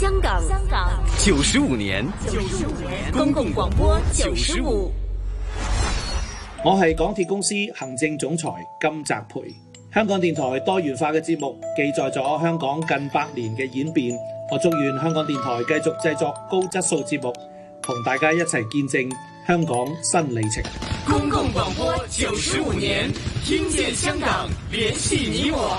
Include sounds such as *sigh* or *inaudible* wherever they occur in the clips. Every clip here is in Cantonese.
.香港九十五年，公共廣播九十五。我係港鐵公司行政總裁金澤培。香港電台多元化嘅節目，記載咗香港近百年嘅演變。我祝願香港電台繼續製作高質素節目，同大家一齊見證香港新里程。公共廣播九十五年，聽見香港，聯繫你我。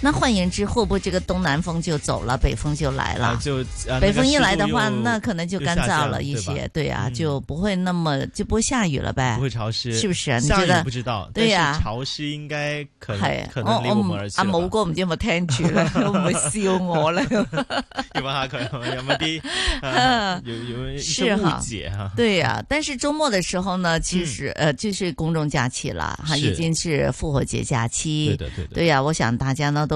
那換言之，會不會這個東南風就走了，北風就來了？就北風一來的話，那可能就乾燥了一些，對呀，就不會那麼就不會下雨了唄，不會潮濕，是不是啊？下雨不知道，對呀，潮濕應該可以可能離我們而去了。阿毛哥唔知有冇聽住，有冇笑我了？有冇下句？有冇有有誤解啊？對呀，但是周末的時候呢，其實呃就是公眾假期了哈，已經是復活節假期，對對對。對呀，我想大家呢都。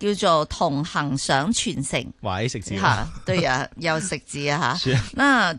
叫做同行想全城，喂，食字吓， *laughs* 對啊，有食字啊吓， *laughs* 嗱。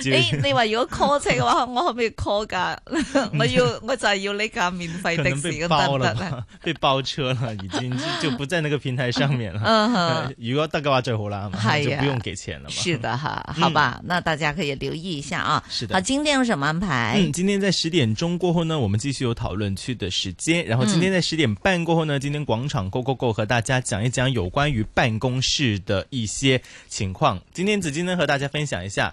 繼你你話如果 call 車嘅話， *laughs* *laughs* 我可唔可以 call 㗎？我要我就係要呢架免費的士咁得唔得啊？被包車啦，已經就就不在那個平台上面啦。 *laughs* 嗯、哼如果得嘅話最好啦，啊、就不用給錢了嘛。是的哈，好吧，嗯、那大家可以留意一下啊。是的，好，今天有什麼安排？嗯，今天在十點鐘過後呢，我們繼續有討論區的時間。然後今天在十點半過後呢，今天廣場 Go Go Go 和大家講一講有關於辦公室的一些情況。今天子金呢，和大家分享一下。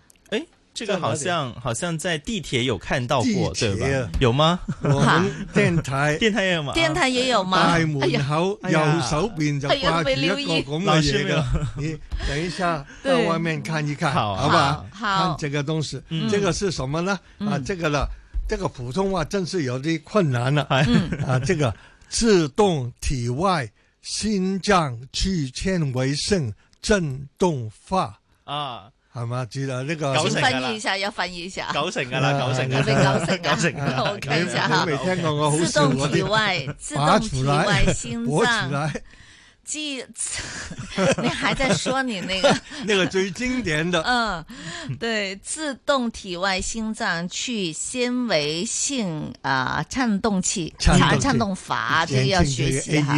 這個好像好像在地鐵有看到過，對吧？有嗎？電台電台也有嗎？電台也有嗎？大門口右手邊就掛起一個咁嘅嘢咯。你等一下到外面看一看，好，好不好？看這個東西，這個是什麼呢？啊，這個了，這個普通話真是有點困難了。嗯啊，這個自動體外心臟去纖維性振動發啊。係嘛？知道呢個翻譯一下要翻譯一下，九成噶啦，九成噶，九成。好睇下吓，未聽過我看一下哈，自動體外自動體外心臟，即係你還在說你那個那個最經典的，嗯，對，自動體外心臟去纖維性啊顫動器，啊顫動閥，這個要學習哈。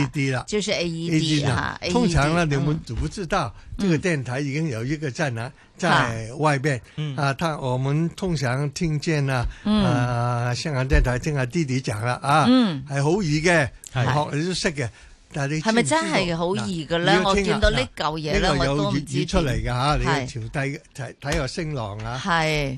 就是 A E D 哈。通常呢，你們知不知道，這個電台已經有一個在哪。喺外邊啊，我我們通常聽見啊，啊，香港電台聽下弟弟講啦，啊，係好易嘅，學你都識嘅，但係你係咪真係好易嘅咧？我見到呢舊嘢咧，我有唔知出嚟嘅吓，你要調低睇睇下聲浪啊。係。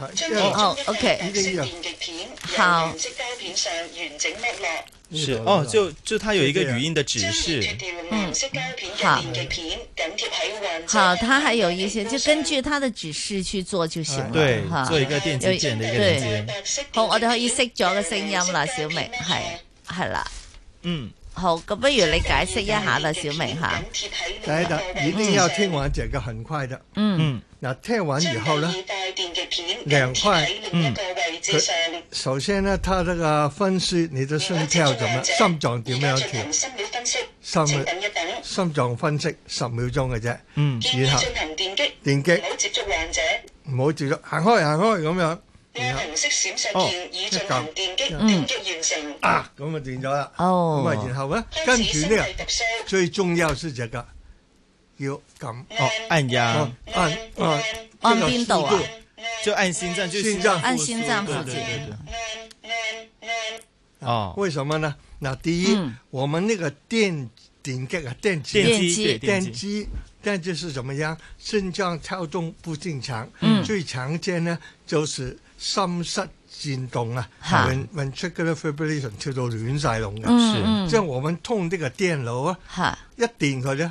哦，OK，一電極片，有色膠片上完整剝落。哦，就就它有一個語音的指示。將脫色膠片係喺患者。好，它還有一些，就根據它的指示去做就行了。對，做一個電極片的一個。好，我哋可以熄咗個聲音啦，小明係係啦。嗯，好，咁不如你解釋一下啦，小明吓。等等，一定要聽完這個，很快的。嗯。啊，聽完以後咧，兩塊，嗯。首先呢，他這個分析，你都心跳下點心臟點樣跳？心，等一等，心臟分析，十秒鐘嘅啫，嗯。然後進行電擊，電擊。唔好接觸患者，唔好接觸，行開行開咁樣。啊，紅色閃爍鍵，已進行電擊，電擊完成。啊，咁啊電咗啦。哦。咁啊，然後咧，跟住咧，最重要是這個。有咁按壓按按按啊，就按心臟，就心臟按心臟自己。哦，為什麼呢？那第一，我們那個電頂極啊，電機電機電機，是怎麼樣，心臟跳動不正常。最常見呢就是心室震動啊，文文 c h e 到亂晒籠嘅。即係我們通啲嘅電流啊，一定可咧。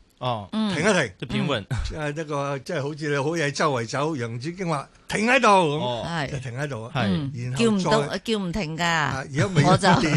哦，停一停，都平穩。即係一個即係好似你好嘢，周圍走，楊子京話停喺度，就停喺度啊。叫唔到，叫唔停噶。而家未有電，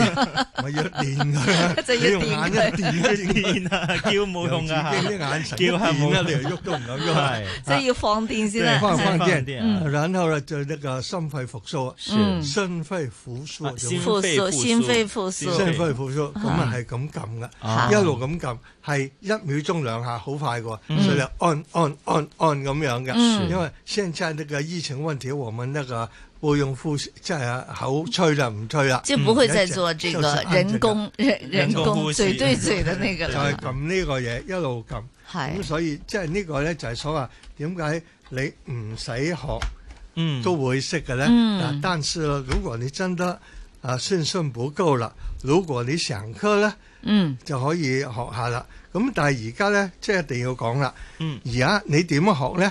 咪要電佢。就要用眼一電，電啊，叫冇用噶。叫下冇用，喐都唔敢喐。即係要放電先啦。放放電。然後咧就呢個心肺復甦，心肺復甦。心肺復甦，心肺復甦，心肺復甦。咁啊係咁撳噶，一路咁撳，係一秒鐘兩。下好快噶，所以按按按按咁樣嘅，嗯、因為現在呢個疫情問題，我們呢個會用呼即係口吹就唔吹啦，就不會再做這個人工、就是、人工嘴對嘴的那個。就係撳呢個嘢一路撳，咁是所以即係呢個咧就係所謂點解你唔使學都會識嘅咧？但係、嗯，嗯、但是如果你真得啊信心不夠啦，如果你想科咧，嗯，就可以學下啦。咁但係而家咧，即係一定要講啦。而家你點樣學咧？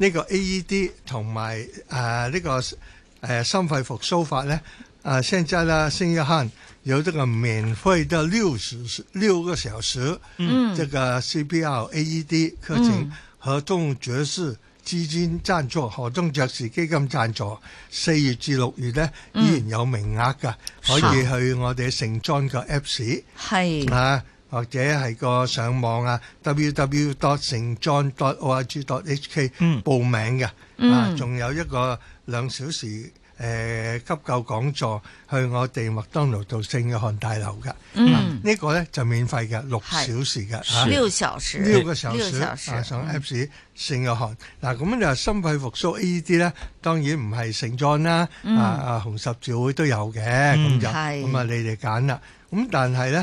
呢、這個 AED 同埋誒、呃、呢、這個誒、呃、心肺復甦法咧。啊、呃，現在咧，聖約翰有得個免費得六十六個小時，嗯，這個 CPR AED 課程，何中爵士基金贊助，何中爵士基金贊助，四月至六月咧依然有名額㗎，嗯、可以去我哋成 j 個個 Apps 是。啊。或者係個上網啊，www.stjohn.org.hk 報名嘅。嗯。啊，仲有一個兩小時誒急救講座，去我哋麥當奴道聖約翰大樓嘅。嗯。呢個咧就免費嘅，六小時嘅。六小時。六個小時。六小時。上 Apps 聖約翰。嗱，咁就心肺復甦 AED 咧，當然唔係聖約翰啦，啊啊紅十字會都有嘅，咁就係咁啊，你哋揀啦。咁但係咧。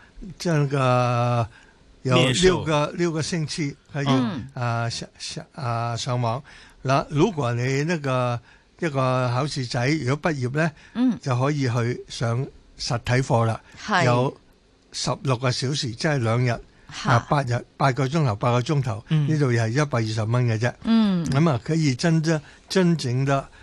即係個有六個六個星期可以，佢要、嗯、啊上上啊上網。嗱，如果你呢、那個一個考試仔如果畢業咧，嗯，就可以去上實體課啦。係是有十六個小時，即係兩日哈啊，八日八個鐘頭八個鐘頭，呢度又係一百二十蚊嘅啫。嗯，咁啊，可以真真真正得。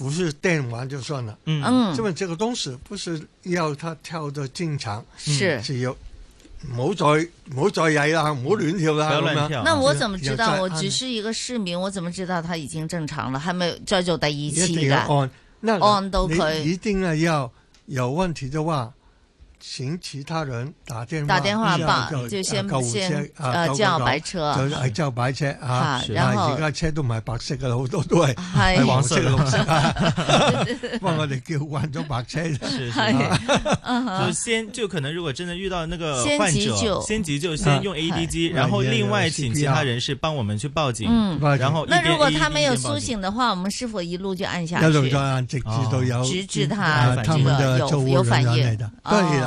不是癲完就算啦，因為、嗯、這個東西不是要他跳得正常，是要唔好再唔好再曳啦，唔好、啊、亂跳啦咁樣。那我怎麼知道？嗯、我只是一個市民，我怎麼知道他已經正常了，還沒有再做第一期噶？那看到佢一定係要，要有問題的話。請其他人打電話，吧，就先，車，救護車，就係救護車啊！然後啊，而家車都唔係白色噶啦，好多都係黃色、紅色。不過我哋叫換咗白車。就先就可能如果真的遇到那個患者，先急救，先急救，先用 AED 機，然後另外請其他人士幫我們去報警。嗯，然後那如果他沒有蘇醒的話，我們是否一路就按下？直至他，直至他有有反應。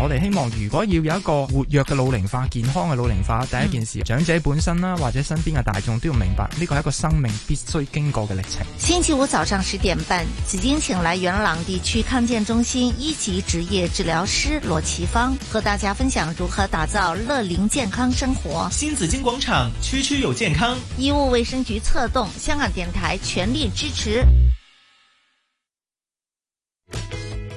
我哋希望，如果要有一個活躍嘅老齡化、健康嘅老齡化，第一件事，嗯、長者本身啦，或者身邊嘅大眾都要明白，呢個係一個生命必須經過嘅歷程。星期五早上十點半，紫荊請來元朗地區康健中心一級職業治療師羅奇芳，和大家分享如何打造樂齡健康生活。新紫荊廣場區區有健康，醫務衛生局策動，香港電台全力支持。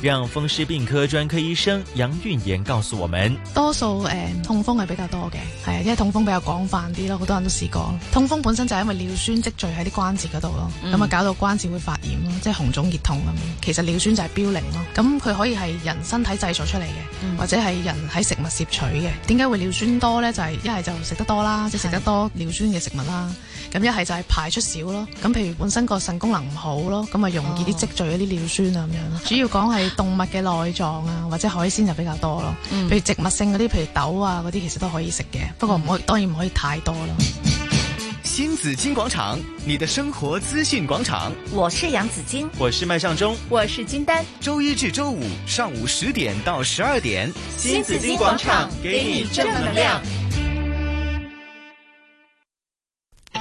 讓風濕病科專科醫生楊韻炎告訴我們：多數誒、呃、痛風係比較多嘅，係啊，因為痛風比較廣泛啲咯，好多人都試過。痛風本身就係因為尿酸積聚喺啲關節嗰度咯，咁啊、嗯、搞到關節會發炎咯，即係紅腫熱痛咁。其實尿酸就係嘌呤咯，咁佢可以係人身體製造出嚟嘅，嗯、或者係人喺食物攝取嘅。點解會尿酸多咧？就係一係就食得多啦，即係食得多尿酸嘅食物啦。是咁一係就係排出少咯，咁譬如本身個腎功能唔好咯，咁啊容易啲積聚一啲、哦、尿酸啊咁樣。主要講係動物嘅內臟啊，或者海鮮就比較多咯。嗯、譬如植物性嗰啲，譬如豆啊嗰啲，其實都可以食嘅，不過唔可當然唔可以太多咯。新紫荊廣場，你的生活資訊廣場。我是楊紫荊，我是麥尚中，我是金丹。周一至周五上午十點到十二點，新紫荊廣場，給你正能量。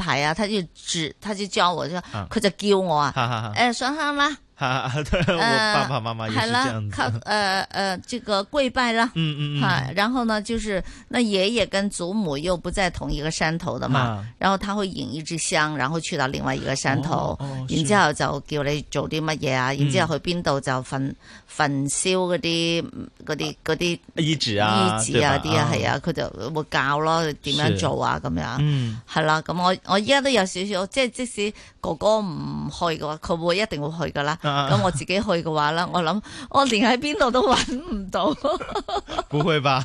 牌啊，佢就指佢就教我，就佢就叫我就啊，誒，上坑啦。欸算算爸爸媽媽也是這樣。好啦，靠，誒誒，這個跪拜啦。嗯嗯嗯。然後呢，就是那爺爺跟祖母又不在同一個山頭的嘛。然後他會引一支香，然後去到另外一個山頭。然之後就叫你做啲乜嘢啊？然之後去邊度就焚焚燒嗰啲嗰啲嗰啲。衣紙啊。衣紙啊啲啊係啊，佢就會教咯，點樣做啊咁樣。嗯。係啦，咁我我依家都有少少，即係即使哥哥唔去嘅話，佢會一定會去噶啦。咁我自己去嘅話啦，我諗我連喺邊度都搵唔到，不會吧？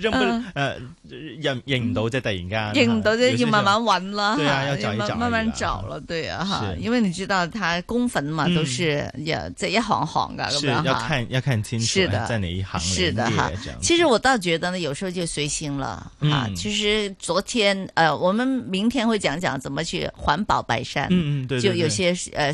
認認唔到，即係突然間，認唔到即係要慢慢搵啦。對啊，要找一找，慢慢找了，對啊。因為你知道，他公墳嘛，都是也一一行行噶。是要看要看清楚，在哪一行。是的哈。其實我倒覺得呢，有時候就隨心啦。嗯。其實昨天，誒，我們明天會講講怎麼去環保白山。嗯嗯。就有些，誒。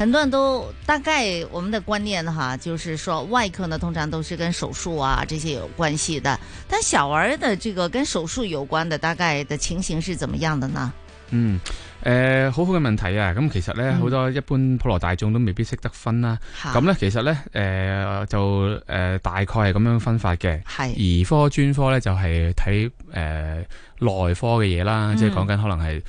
很多人都大概我們的觀念哈、啊，就是說外科呢，通常都是跟手術啊這些有關係的，但小兒的這個跟手術有關的大概的情形是怎麼樣的呢？嗯，誒、呃，好好嘅問題啊！咁其實呢，好、嗯、多一般普羅大眾都未必識得分啦。咁、啊、呢，其實呢，誒、呃、就誒、呃、大概係咁樣分法嘅。係兒科專科呢，就係睇誒內科嘅嘢啦，嗯、即係講緊可能係。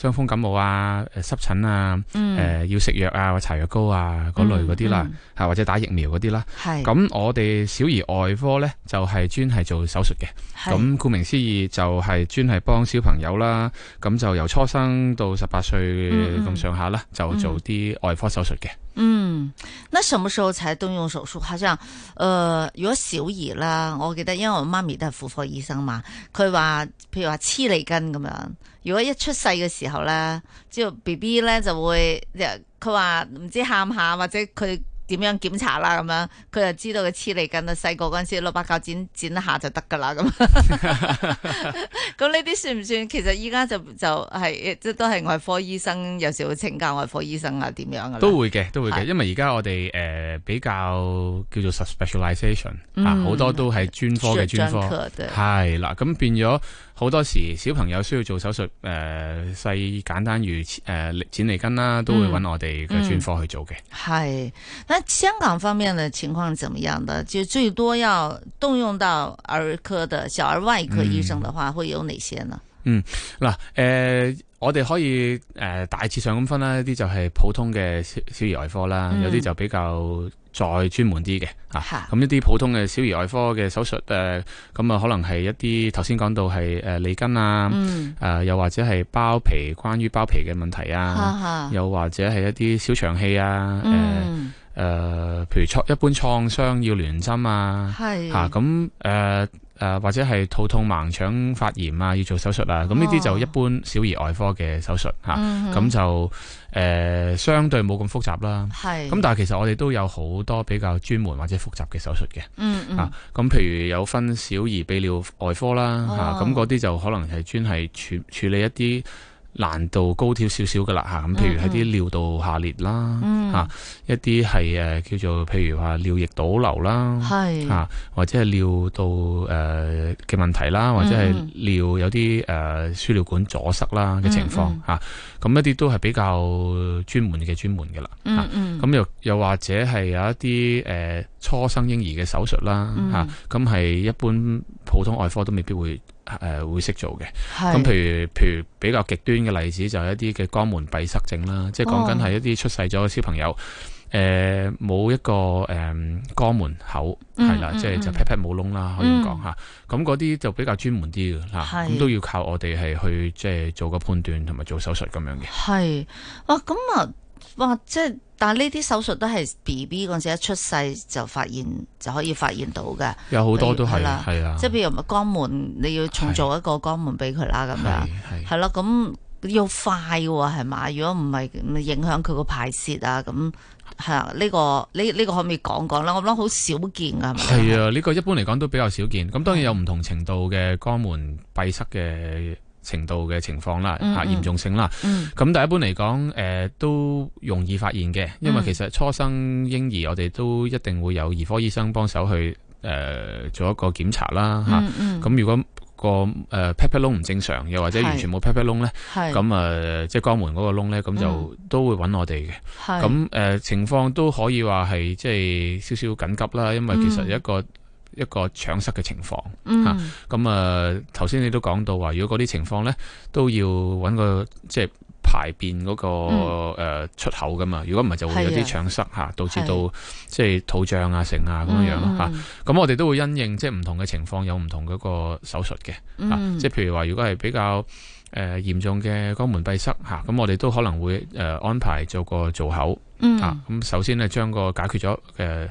傷風感冒啊，誒、呃、濕疹啊，誒、嗯呃、要食藥啊或搽藥膏啊嗰類嗰啲啦，吓、嗯嗯、或者打疫苗嗰啲啦。係咁是，我哋小兒外科咧就係專係做手術嘅。咁顧是名思義就係專係幫小朋友啦。咁就由初生到十八歲咁上下啦，嗯、就做啲外科手術嘅。嗯，那什麼時候才動用手術？好像，誒、呃，如果小兒啦，我記得因為我媽咪都係婦科醫生嘛，佢話譬如話黐脷根咁樣。如果一出世嘅時候咧，知道 B B 咧就會，佢話唔知喊下或者佢點樣檢查啦咁樣，佢就知道佢黐脷筋啦，細個嗰陣時攞把鉸剪剪一下就得噶啦咁。咁呢啲算唔算？其實依家就就係即都係外科醫生，有時會請教外科醫生啊，點樣嘅？都會嘅，都會嘅，因為而家我哋誒、呃、比較叫做 specialization 啊、嗯，好多都係專科嘅專科，係啦，咁對變咗。好多時小朋友需要做手術，誒、呃，細簡單如誒剪脷根啦，都會揾我哋嘅專科去做嘅。係、嗯嗯，那香港方面嘅情況怎麼樣呢？就最多要動用到兒科的小兒外科醫生嘅話，嗯、會有哪些呢？嗯，嗱，誒、呃。我哋可以誒、呃、大致上咁分啦，一啲就係普通嘅小兒外科啦，嗯、有啲就比較再專門啲嘅咁一啲、嗯啊、普通嘅小兒外科嘅手術誒，咁、呃、啊可能係一啲頭先講到係誒脷筋啊、嗯呃，又或者係包皮，關於包皮嘅問題啊，哈哈又或者係一啲小腸氣啊，誒、嗯呃、譬如創一般創傷要聯針啊，咁誒是。啊誒、呃，或者係肚痛、盲腸發炎啊，要做手術啦、啊。咁呢啲就一般小兒外科嘅手術吓，咁、哦啊、就誒、呃、相對冇咁複雜啦。係是。咁但係其實我哋都有好多比較專門或者複雜嘅手術嘅。嗯嗯。咁、啊、譬如有分小兒泌尿外科啦，吓咁嗰啲就可能係專係處處理一啲。難度高挑少少㗎啦，吓咁譬如喺啲尿道下裂啦，吓、嗯啊、一啲係誒叫做譬如話尿液倒流啦，吓或者係尿道誒嘅問題啦，或者係尿、呃、尿有啲誒輸尿管阻塞啦嘅情況吓，咁、嗯嗯啊、一啲都係比較專門嘅專門嘅啦，咁、啊嗯嗯啊、又又或者係有一啲誒、呃、初生嬰兒嘅手術啦，吓咁係一般普通外科都未必會。誒、呃、會識做嘅，咁是譬如譬如，比較極端嘅例子就係一啲嘅肛門閉塞症啦，即係講緊係一啲出世咗小朋友，誒、呃、冇一個誒、呃、肛門口係啦，即係、嗯嗯嗯、就劈劈冇窿啦，可以講吓，咁嗰啲就比較專門啲嘅吓，咁是都要靠我哋係去即係、就是、做個判斷同埋做手術咁樣嘅。係，哇，咁啊～哇！即係，但係呢啲手術都係 B B 嗰陣時一出世就發現，就可以發現到嘅。有好多都係啦，係啊，即係譬如肛門，你要重做一個肛門俾佢啦，咁樣係啦。咁要快嘅喎，係嘛？如果唔係，影響佢個排泄啊，咁係啊。呢個呢呢個可唔可以講講咧？我諗好少見噶。係啊，呢個一般嚟講都比較少見。咁當然有唔同程度嘅肛門閉塞嘅。程度嘅情況啦，嗯嗯、啊，嚴重性啦，咁但、嗯、一般嚟講，誒、呃、都容易發現嘅，因為其實初生嬰兒、嗯、我哋都一定會有兒科醫生幫手去誒、呃、做一個檢查啦，咁、嗯嗯啊、如果個誒 pat pat 窿唔正常，又或者完全冇 pat pat 窿咧，咁、呃、即係肛門嗰個窿咧，咁就都會搵我哋嘅，咁是、呃、情況都可以話係即係少少緊急啦，因為其實一個，嗯一個腸塞嘅情況，吓咁、嗯、啊！頭先你都講到話，如果嗰啲情況咧，都要揾個即係排便嗰、嗰個誒、嗯呃、出口噶嘛。如果唔係，就會有啲腸塞吓，導致到是的 即係肚脹啊、成啊咁樣樣咯吓。咁我哋都會因應即係唔同嘅情況，有唔同嗰個手術嘅。吓即係譬如話，如果係比較誒嚴重嘅肛門閉塞吓，咁我哋都可能會誒安排做個造口啊。咁首先咧，將個解決咗誒。呃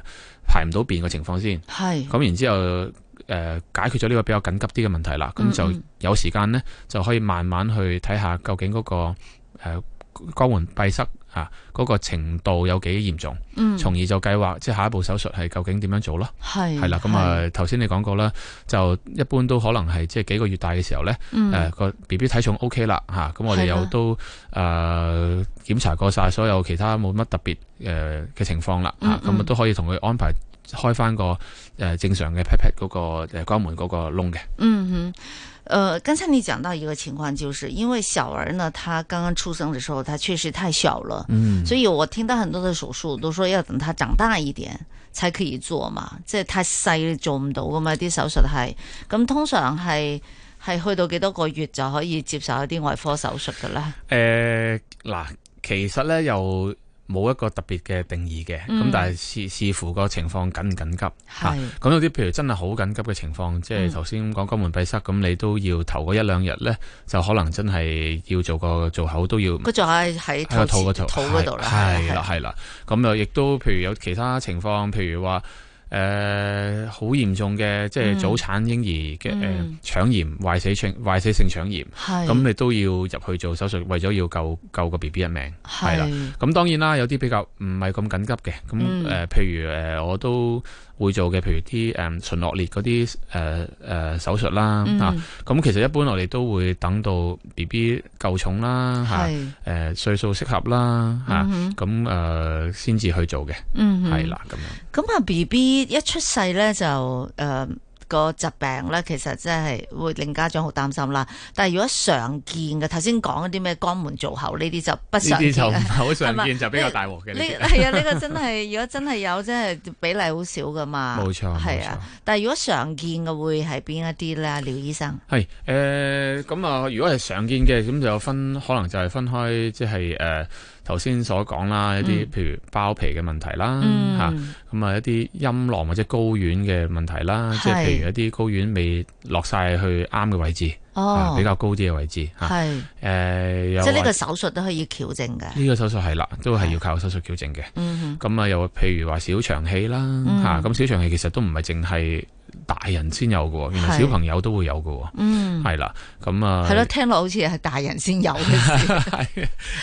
排唔到便嘅情況先，咁係然之後誒、呃、解決咗呢個比較緊急啲嘅問題啦，咁、嗯嗯、就有時間咧就可以慢慢去睇下究竟嗰個誒誒肛門閉塞。啊，嗰、那個程度有幾嚴重，嗯、從而就計劃即係下一步手術係究竟點樣做咯。係是，係啦，咁啊頭先你講過啦，就一般都可能係即係幾個月大嘅時候咧，誒個 B B 體重 O K 啦，咁、啊、我哋又都誒的、呃、檢查過晒所有其他冇乜特別嘅、呃、情況啦，咁啊都、嗯嗯、可以同佢安排開翻個正常嘅 pat 嗰個肛門嗰個窿嘅。嗯哼。呃，剛才你講到一個情況，就是因為小兒呢，他剛剛出生的時候，他確實太小了，嗯，所以我聽到很多的手術都說要等他長大一點才可以做嘛，即係太細做唔到噶嘛啲手術係，咁通常係係去到幾多個月就可以接受一啲外科手術噶啦？誒、呃，嗱，其實咧又。冇一個特別嘅定義嘅，咁、嗯、但係視視乎個情況緊唔緊急嚇。咁有啲譬如真係好緊急嘅情況，是即係頭先講肛門閉塞，咁、嗯、你都要頭嗰一兩日咧，就可能真係要做個造口都要。佢就係喺肚嗰度，肚嗰度啦。係啦是，係啦。咁又亦都譬如有其他情況，譬如話。誒，好嚴、呃、重嘅，即係早產嬰兒嘅誒，腸、嗯呃、炎、壞死、死性壞死性腸炎，咁是你都要入去做手術，為咗要救救個 B B 一命，係是啦。咁當然啦，有啲比較唔係咁緊急嘅，咁誒、呃，譬如誒、呃，我都。會做嘅，譬如啲誒唇腭裂嗰啲誒誒手術啦吓，咁、嗯啊、其實一般我哋都會等到 B B 夠重啦，係誒歲數適合啦吓，咁誒先至去做嘅，係、嗯、哼啦咁樣。咁啊 B B 一出世咧就誒。呃個疾病咧，其實真係會令家長好擔心啦。但係如果常見嘅，頭先講啲咩肛門造口呢啲就不常見，唔好常見吧你就比較大鑊嘅。呢係些啊，呢 *laughs* 個真係如果真係有，真係比例好少噶嘛。冇錯錯，係啊。但係如果常見嘅會係邊一啲咧？廖醫生係誒，咁、呃、啊，如果係常見嘅，咁就有分，可能就係分開，即係誒。呃頭先所講啦，一啲譬如包皮嘅問題啦，咁、嗯、啊，一啲陰囊或者睾丸嘅問題啦，嗯、即係譬如一啲睾丸未落晒去啱嘅位置、哦啊，比較高啲嘅位置嚇。係是、啊呃、即係呢個手術都可以矯正嘅。呢個手術係啦，都係要靠手術矯正嘅。咁啊，又譬如話小腸氣啦，咁小腸氣其實都唔係淨係。大人先有嘅，原來小朋友都會有嘅，嗯，係啦，咁、嗯、啊，係咯，聽落好似係大人先有嘅，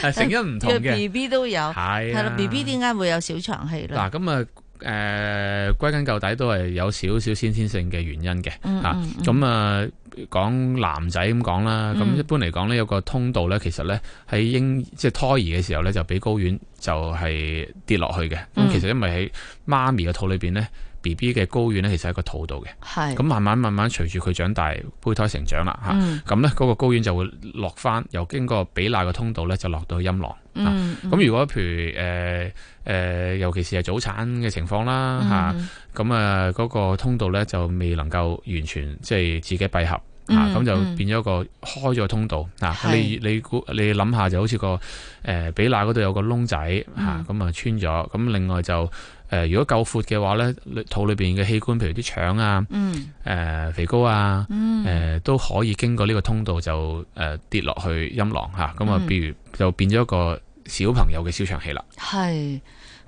係， *laughs* 成因唔同嘅，B B 都有，係、啊，係啦，B B 點解會有小腸氣咧？嗱，咁、嗯嗯嗯嗯嗯、啊，誒，歸根究底都係有少少先天性嘅原因嘅，吓、嗯，咁啊，講男仔咁講啦，咁一般嚟講呢，有個通道咧，其實咧喺嬰即係胎兒嘅時候咧，就俾睾丸就係跌落去嘅，咁、嗯、其實因爲喺媽咪嘅肚裏邊咧。B B 嘅睪丸咧，其實喺個肚度嘅，咁是慢慢慢慢隨住佢長大，胚胎成長啦嚇，咁咧嗰個睪丸就會落返，又經過髀罅嘅通道就落到陰那個通道咧，就落到去陰囊，咁如果譬如誒誒，尤其是係早產嘅情況啦嚇，咁啊嗰個通道咧就未能夠完全即係自己閉合，咁、嗯啊、就變咗個開咗通道，嗯啊、你你估你諗下就好似個誒、呃、髀罅嗰度有個窿仔嚇，咁啊穿咗，咁、嗯啊、另外就。誒、呃，如果夠闊嘅話咧，肚裏邊嘅器官，譬如啲腸啊，嗯，誒、呃、肥膏啊，嗯，誒、呃、都可以經過呢個通道就誒、呃、跌落去陰囊嚇，咁啊，比如就變咗一個小朋友嘅小腸氣啦。係，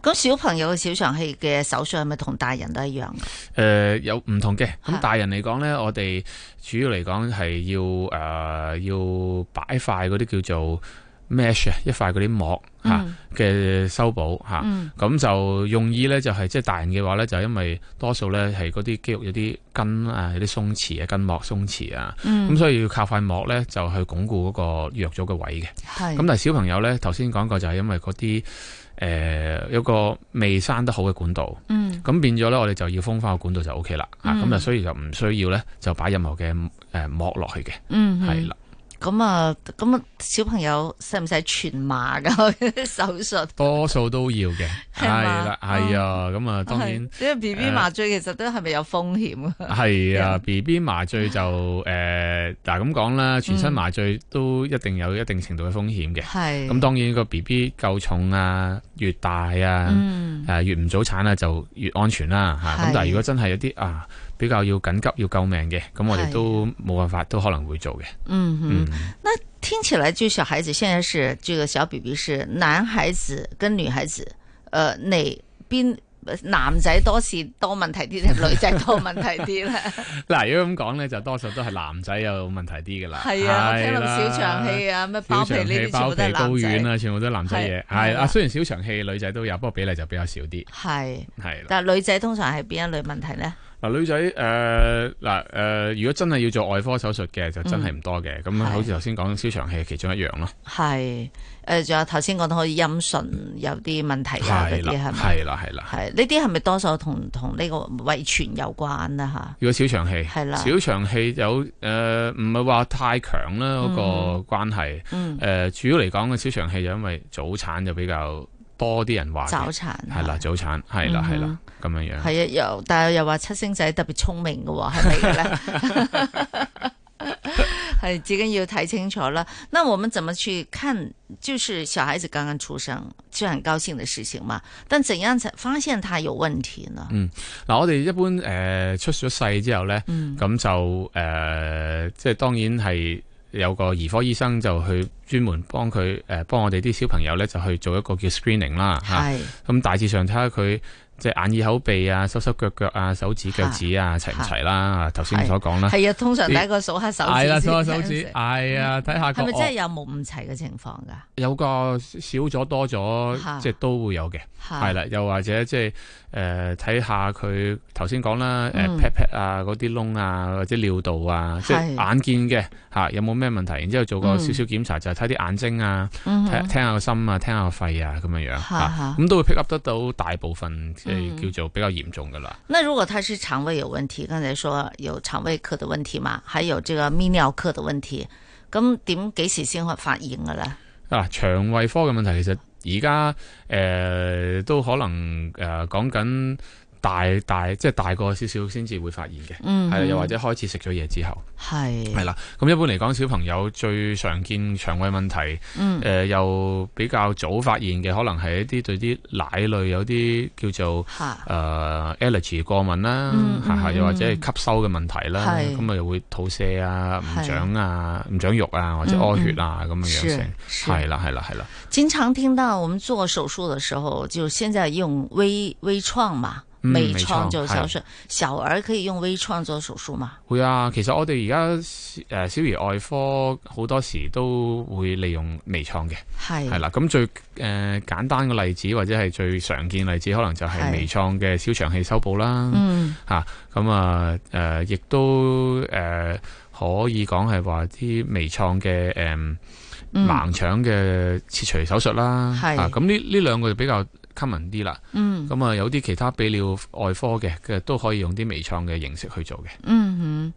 咁小朋友嘅小腸氣嘅手術係咪同大人都一樣嘅、呃？有唔同嘅，咁大人嚟講咧，是我哋主要嚟講係要誒、呃、要擺塊嗰啲叫做。m a s h 一塊嗰啲膜嚇嘅修補嚇，咁、嗯、就用意咧就係即係大人嘅話咧，就因為多數咧係嗰啲肌肉有啲筋啊，有啲鬆弛啊，筋膜鬆弛啊，咁、嗯、所以要靠塊膜咧就去鞏固嗰個弱咗嘅位嘅。係咁是，但係小朋友咧頭先講過就係因為嗰啲誒有個未生得好嘅管道，咁、嗯、變咗咧我哋就要封翻個管道就 OK 啦。啊、嗯，咁啊所以就唔需要咧就擺任何嘅誒膜落去嘅。係啦、嗯哼。咁啊，咁啊，小朋友使唔使全麻嘅手術？多數都要嘅，係啦，係啊，咁啊，當然，因為 BB 麻醉其實都係咪有風險啊？係啊，BB 麻醉就誒，嗱咁講啦，全身麻醉都一定有一定程度嘅風險嘅，係。咁當然個 BB 夠重啊，越大啊，誒越唔早產啊，就越安全啦吓。咁但係如果真係有啲啊～比較要緊急要救命嘅，咁我哋都冇辦法，都可能會做嘅。嗯嗯，那聽起嚟就小孩子現在是這個小 B B 是男孩子跟女孩子，誒，你邊男仔多事多問題啲定女仔多問題啲咧？嗱，如果咁講咧，就多數都係男仔有問題啲噶啦。係啊，聽小腸氣啊，咩包皮呢啲全都係男全部都係男仔嘢。係啊，雖然小腸氣女仔都有，不過比例就比較少啲。係係，但係女仔通常係邊一類問題咧？嗱，女仔，嗱、呃呃呃、如果真係要做外科手術嘅，就真係唔多嘅。咁好似頭先講小腸氣其中一樣咯。係，誒、呃、仲有頭先講到陰唇有啲問題下嗰係咪？啦啦、嗯，呢啲係咪多數同同呢個遺傳有關啊？如果小腸氣係啦，小腸氣有唔係話太強啦嗰、嗯、個關係。嗯呃、主要嚟講嘅小腸氣就因為早產就比較。多啲人話，係啦、啊，早產，係啦，係啦、嗯哼，咁樣樣。係啊，又但係又話七星仔特別聰明嘅喎，係咪咧？係， *laughs* *laughs* *laughs* 即係要睇清楚啦。那我們怎麼去看？就是小孩子剛剛出生，就很高興的事情嘛。但怎樣才發現他有問題呢？嗯，嗱、嗯嗯啊，我哋一般誒、呃、出咗世之後咧，咁、嗯、就誒、呃，即係當然係。有個兒科醫生就去專門幫佢，誒幫我哋啲小朋友呢，就去做一個叫 screening 啦，吓咁是、啊、大致上睇下佢。即係眼耳口鼻啊，手手腳腳啊，手指腳趾啊，齊唔齊啦？啊，頭先你所講啦，係啊，通常第一個數下手指先，係啦，數下手指，係啊，睇下佢，係咪真係有冇唔齊嘅情況㗎？有個少咗多咗，即係都會有嘅，係啦。又或者即係誒睇下佢頭先講啦，誒 pat 啊，嗰啲窿啊，或者尿道啊，即係眼見嘅嚇，有冇咩問題？然之後做個少少檢查，就係睇啲眼睛啊，聽下個心啊，聽下個肺啊咁樣樣嚇，咁都會 pick up 得到大部分。嗯、叫做比較嚴重噶啦。那如果他是腸胃有問題，剛才說有腸胃科的問題嘛，還有這個泌尿科的問題，咁點幾時先會發現噶呢？啊，腸、啊、胃科嘅問題其實而家誒都可能誒講緊。呃大大即係大個少少先至會發現嘅，係、嗯、又或者開始食咗嘢之後，係係啦。咁一般嚟講，小朋友最常見腸胃問題，誒、嗯呃、又比較早發現嘅，可能係一啲對啲奶類有啲叫做誒哈、呃、allergy 過敏啦，係又或者係吸收嘅問題啦，咁啊又會肚瀉啊、唔長啊、唔長肉啊或者屙血啊咁嘅樣成，係啦係啦係啦。經常聽到我們做手術嘅時候，就現在用微微創嘛。微創做手術，小兒可以用微創做手術嗎？會啊，其實我哋、呃、而家誒小兒外科好多時都會利用微創嘅，係係啦。咁、啊嗯、最誒、呃、簡單嘅例子或者係最常見例子，可能就係微創嘅小腸氣修補啦，吓咁是啊誒，亦、嗯啊呃、都誒、呃、可以講係話啲微創嘅誒盲腸嘅切除手術啦，係咁呢呢兩個就比較。common 啲啦，咁啊、嗯、有啲其他泌尿外科嘅，都可以用啲微創嘅形式去做嘅，嗯哼，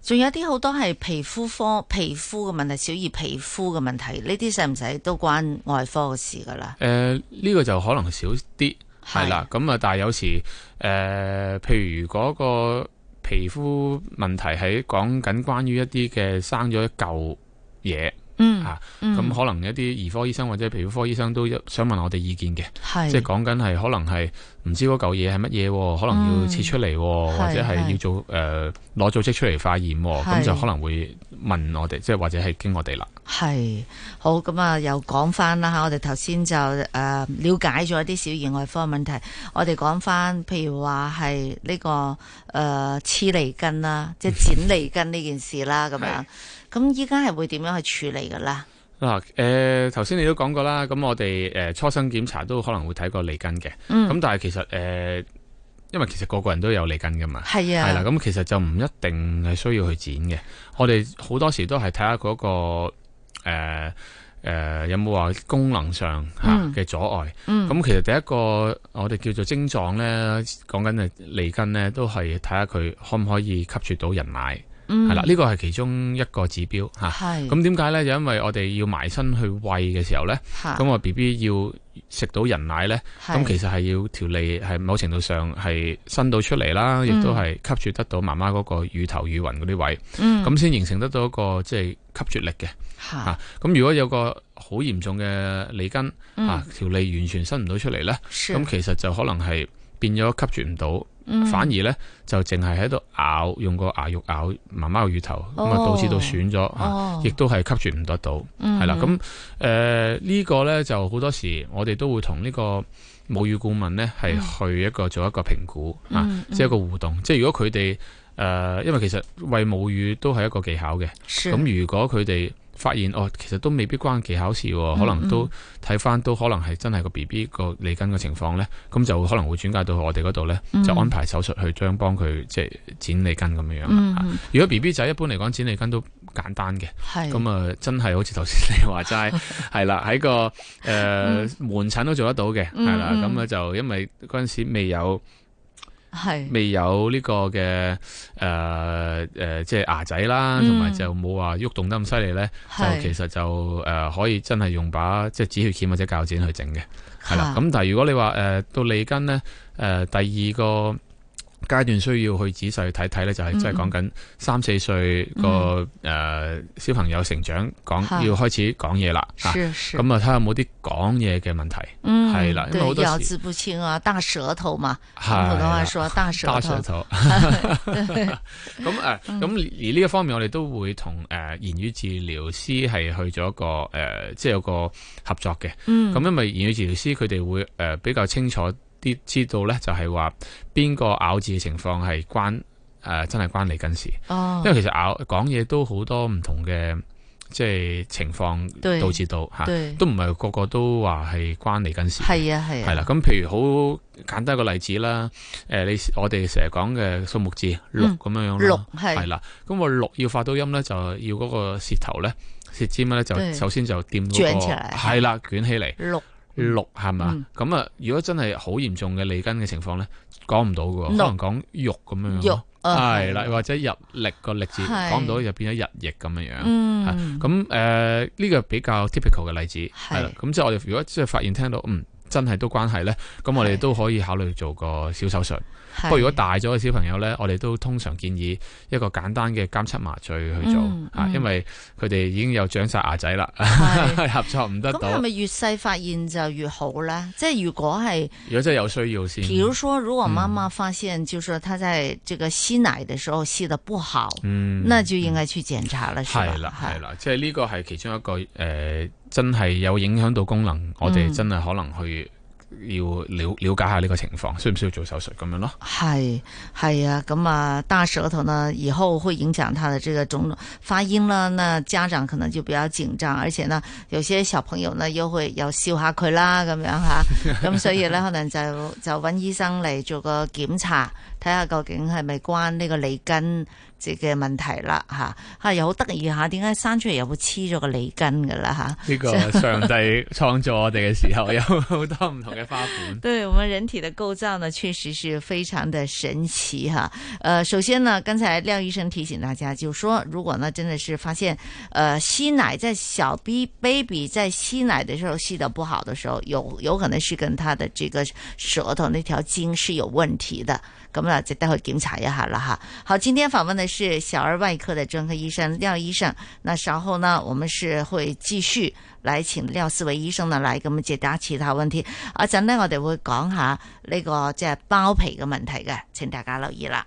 仲有啲好多係皮膚科皮膚嘅問題，小兒皮膚嘅問題，呢啲使唔使都關外科嘅事噶啦？誒、呃，呢、這個就可能少啲係啦，咁啊，但係有時誒、呃，譬如嗰個皮膚問題係講緊關於一啲嘅生咗一舊嘢。嗯吓，咁、嗯啊、可能一啲兒科醫生或者皮膚科醫生都想問我哋意見嘅，是即係講緊係可能係唔知嗰嚿嘢係乜嘢，可能要切出嚟，嗯、或者係要做誒攞組織出嚟化驗，咁是就可能會問我哋，即係或者係經我哋啦。係好，咁、嗯、啊又講翻啦吓，我哋頭先就誒、啊、了解咗一啲小兒外科問題，我哋講翻，譬如話係呢個誒黐脷根啦、啊，即係剪脷根呢件事啦，咁 *laughs* 樣。啊咁依家係會點樣去處理噶啦？嗱、呃，誒，頭先你都講過啦，咁我哋誒初生檢查都可能會睇過脷根嘅，咁、嗯、但係其實誒、呃，因為其實個個人都有脷根噶嘛，係啊，係啦，咁、嗯、其實就唔一定係需要去剪嘅。我哋好多時都係睇下嗰個誒誒、呃呃，有冇話功能上吓嘅阻礙。咁、嗯嗯、其實第一個我哋叫做症狀咧，講緊嘅脷根咧，都係睇下佢可唔可以吸住到人奶。係啦，呢個係其中一個指標吓。咁點解呢？就因為我哋要埋身去餵嘅時候呢，咁是我 B B 要食到人奶呢，咁是其實係要條脷係某程度上係伸到出嚟啦，嗯、亦都係吸住得到媽媽嗰個乳頭乳暈嗰啲位。咁先、嗯、形成得到一個即係、就是、吸住力嘅。吓是，咁、啊、如果有個好嚴重嘅脷根，條條脷完全伸唔到出嚟呢，咁是其實就可能係變咗吸住唔到。反而呢，就淨係喺度咬，用個牙肉咬媽媽嘅乳頭，咁啊、哦、導致到損咗，亦、哦、都係吸住唔到到，係啦、嗯，咁誒呢個呢，就好多時我哋都會同呢個母乳顧問呢，係去一個做一個評估、嗯、啊，即、就、係、是、一個互動，嗯、即係如果佢哋誒，因為其實喂母乳都係一個技巧嘅，咁是如果佢哋。發現哦，其實都未必關技巧事，嗯、可能都睇翻都可能係真係個 B B 個脷根嘅情況咧，咁就可能會轉介到去我哋嗰度咧，嗯、就安排手術去將幫佢即係剪脷根咁樣樣、嗯啊。如果 B B 仔一般嚟講剪脷根都簡單嘅，咁啊是真係好似頭先你話齋係啦，喺個誒、呃嗯、門診都做得到嘅，係啦，咁咧就因為嗰陣時未有。是未有呢個嘅誒誒，即係牙仔啦，同埋、嗯、就冇話喐動得咁犀利咧，是就其實就誒、呃、可以真係用把即係止血鉗或者鉸剪去整嘅，係啦是。咁但係如果你話誒、呃、到脷根咧，誒、呃、第二個階段需要去仔細睇睇咧，就係即係講緊三四歲個誒小朋友成長，講要開始講嘢啦，咁啊睇下有冇啲講嘢嘅問題，係啦，因為好多時咬字不清啊，大舌頭嘛，普通話說大舌頭，大舌頭咁誒，咁而呢一方面，我哋都會同誒言語治療師係去咗一個誒，即係有個合作嘅。咁因為言語治療師佢哋會誒比較清楚。知道咧就係話邊個咬字嘅情況係關誒、呃、真係關嚟緊事，哦、因為其實咬講嘢都好多唔同嘅即係情況導致到吓、啊，都唔係個個都話係關嚟緊事。係啊係啊，係啦、啊。咁譬如好簡單一個例子啦，誒、呃、你我哋成日講嘅數目字、嗯、六咁樣樣，六係啦。咁我六要發到音咧，就要嗰個舌頭咧、舌尖咧就對首先就掂、那個的，捲起嚟係啦，捲起嚟六係嘛，咁啊、嗯，如果真係好嚴重嘅脷根嘅情況咧，講唔到嘅，No. 可能講肉咁樣，係啦，或者日曆，嗰個曆字講唔到，就變咗日翼咁樣樣，咁誒呢個比較 typical 嘅例子係啦，咁即係我哋如果即係發現聽到嗯真係都關係咧，咁我哋都可以考慮做個小手術。不過如果大咗嘅小朋友呢，是我哋都通常建議一個簡單嘅監測麻醉去做，嗯嗯、因為佢哋已經有長晒牙仔啦，是 *laughs* 合作唔得到。咁係咪越細發現就越好呢？即係如果係如果真係有需要先。比如說，如果媽媽發現，就說她在這個吸奶的時候吸得不好，嗯、那就應該去檢查了，係啦、嗯，係啦吧，即係呢個係其中一個誒、呃，真係有影響到功能，我哋真係可能去。嗯要了了解下呢個情況，需唔需要做手術咁樣咯？係係啊，咁啊大舌頭呢，以後會影響他的這個種發音啦。那家長可能就比較緊張，而且呢，有些小朋友呢又會要笑下佢啦，咁樣吓。咁 *laughs* 所以咧可能就就揾醫生嚟做個檢查，睇下究竟係咪關呢個脷根。呢個問題啦，吓、啊、哈、啊、又好得意下，點解生出嚟又會黐咗個脷筋噶啦吓？呢、啊、個上帝創造我哋嘅時候，有好多唔同嘅花款。 *laughs* 對我們人體的構造呢，確實是非常的神奇哈、啊。呃，首先呢，剛才廖醫生提醒大家，就說如果呢，真的是發現，呃，吸奶在小 B baby 在吸奶的時候吸得不好的時候，有有可能是跟他的這個舌頭那條筋是有問題的。咁啦，值得去檢查一下了哈。好，今天訪問的是小兒外科的專科醫生廖醫生。那稍後呢，我們是會繼續來請廖思維醫生呢，來，給我們解答其他問題。一陣呢，我哋會講下呢個即係包皮嘅問題嘅，請大家留意啦。